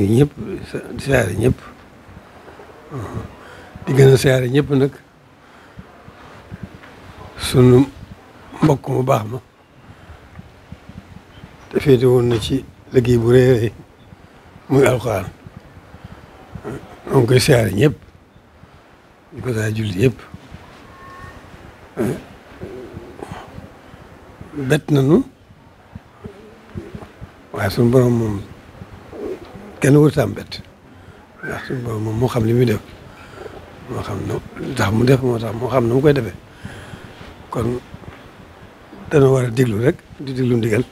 nuyu ñëpp di siyaare ñëpp di gën a nag sunu mbokk mu baax ma te féete woon na ci liggéey bu rëy rëy muy alxuraan ñoo ngi koy siyaare ñëpp di ko saa julli ñëpp bett nañu waaye sunu borom moom kenn wër sa am bett ndax suñu boobu moom moo xam li muy def moo xam ne tax mu def moo tax moo xam ne mu koy defee kon dana war a déglu rek di déglu ndigal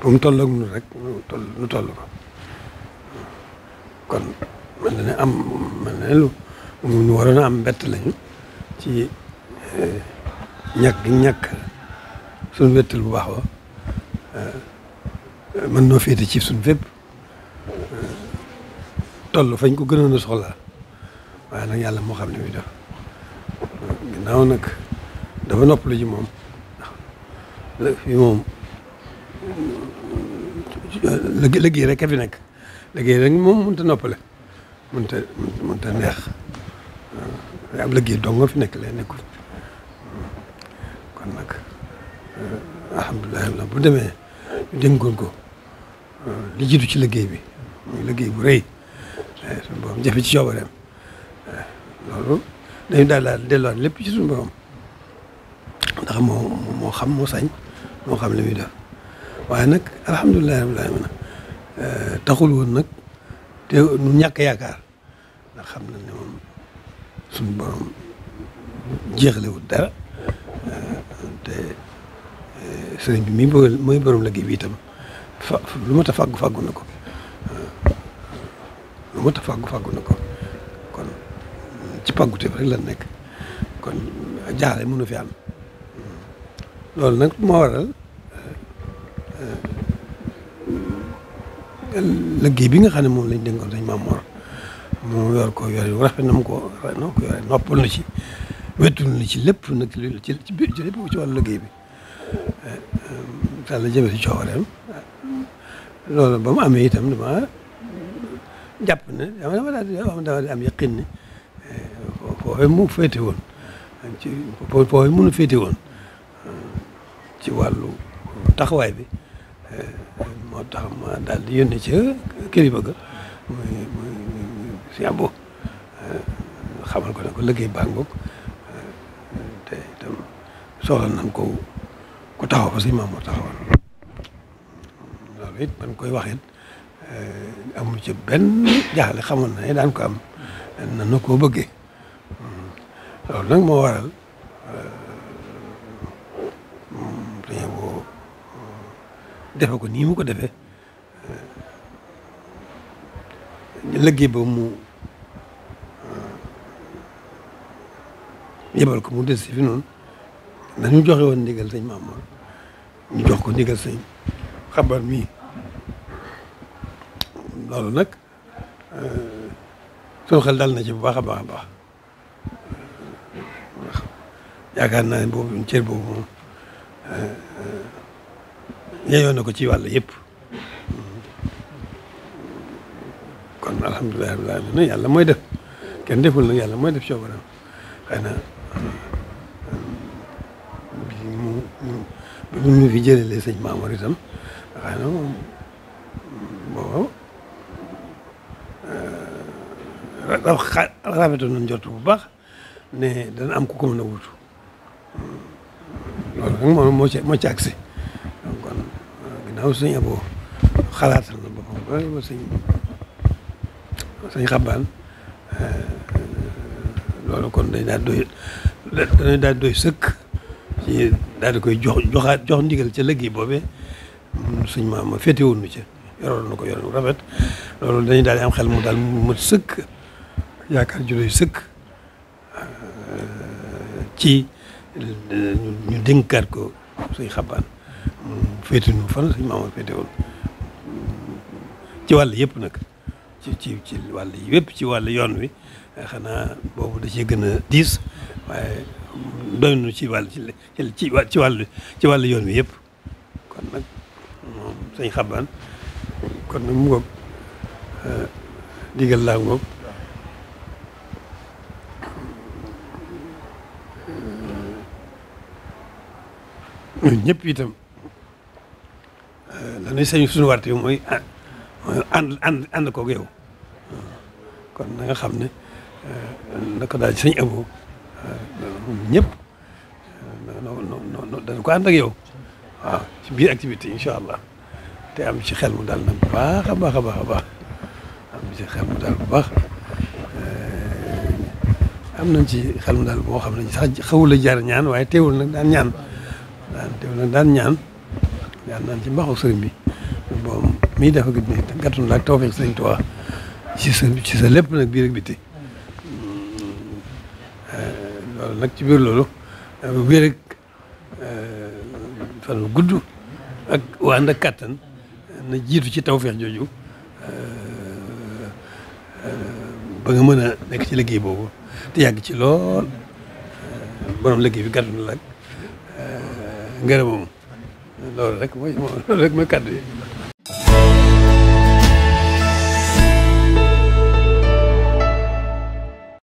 bu mu toll ak ñun rek nu toll nu toll ko kon mën na ne am mën na ne lu ñu waroon a am mbett lañu ci eh, ñàkk gi ñàkk suñu wettal bu baax ba man noo féete ci suñ fépp toll fañ ko gën a soxlaa waaye nag yàlla moo xam ne muy def ginnaaw nag dafa noppalu ji moom ndax fii moom liggéey rek a fi nekk liggéey rek moom mënut a noppale mënut a mënut a neex waaye am liggéey dong nga fi nekk lay nekkul kon nag alhamdulilah bu demee ñu dénkoon ko. li jiitu ci liggéey bi muy liggéey bu rëy eh, jafe ci coobareem eh, loolu dañu daal daal delluwaat lépp ci suñu borom ndax moo moo xam moo sañ moo xam li muy def waaye nag alhamdulilahi rabbil aalamiin eh, taxul woon nag te nu ñàkk yaakaar ndax xam na ne moom suñu borom jeexlewul dara te sëriñ bi mi mooy borom liggéey bi itam fa lu mat a fàggu fàggu na ko lu mat a fàggu fàggu na ko kon ci pàgguteef rek la nekk kon jaare mënu fi am loolu nag moo waral eh, eh, liggéey bi nga xam ne moom lañ dénkoon dañ maam mor moom yor ko yor yu rafet na mu ko noo ko yore noppal na ci wettul na ci lépp nag ci ci lépp ci wàllu liggéey bi daal eh, la jëme ci coowareem loolu ba mu amee itam dama jàpp ne dama dama daal di am yaqin ne eh, foofee mu féete woon ci foofee mënu féete woon eh, ci wàllu taxawaay bi eh, moo tax ma daal di yónni ca kër yi bëgg muy muy muy si àbbo xamal ko ne ko liggéey baa ngoog te itam soxla nañ ko ku taxaw fa si maam moo taxawoon it man koy wax it eh, amul ci benn jaaxle xamoon na daan ko am nan na koo bëggee hmm. loolu nag moo waral dañu eh, hmm, boo hmm, defe ko nii mu ko defe eh, liggéey ba mu yebal ko mu des si fi noonu nañu joxe woon ndigal sëñ Mamour ñu jox ko ndigal sëñ xabar mii loolu nag euh, sunu xel dal na ci bu baax a baax a baax yaakaar naa ne boobu cër boobu euh, euh, ko ci wàll yëpp kon alhamdulilah rabbil alamin yàlla mooy def kenn deful nag yàlla mooy def coobaram xëy na bi mu bi mu fi jëlee sëñ Maamoor itam xëy na rafetoon nañ jot bu baax ne dana am ku ko mën loolu nag moo moo ci moo ci agsi donc kon ginnaaw sëñ Abo xalaatal na euh, loolu kon dañ daal doy dañuy doy sëkk ci daal di koy jox joxaat jox ndigal ca liggéey boobe suñ maam ma féete woon nu ca yoroon na ko yoroon rafet loolu dañ daal di am xel mu daal mu sëkk yaakaar ju doy sëkk euh, ci ñu dénkaat ko suñ xabaan mu féete nu fan suñ maama féete woon ci wàll yëpp nag ci ci ci wàll yëpp ci wàll yoon wi xanaa boobu da cee gën a diis waaye doy ci wàll ci ci ci wàll yoon wi yëpp kon nag moom suñ kon nag mu ngoog euh, digal laa ngoog ñun ñëpp itam lanay eh, sañ suñu warte ah, mooy ànd ànd ànd koog yow kon na nga xam ne eh, naka daal ci sañ abo eh, ñëpp dañu ko ànd ak yow waaw ci biir activité incha allah te am ci xel mu daal nag baax a baax a baax a baax am ci xel mu daal bu baax am nañ ci xel mu daal boo xam ne sax xawul a jaar ñaan waaye teewul nag daan ñaan daan te daan ñaan daan naan ci mbaxu sëriñ bi bon mii dafa gis nii gàttu laak tawfeex ci sa ci sa lépp nag biir ak hmm. eh, loolu nag ci biir loolu wér ak eh, fan gudd ak waan ak kàttan eh, na jiitu ci tawfeex jooju ba nga mën a nekk ci liggéey boobu te yàgg ci lool borom liggéey bi gàttu na ngërëmam loolu rek mooy loolu rek mooy kàddu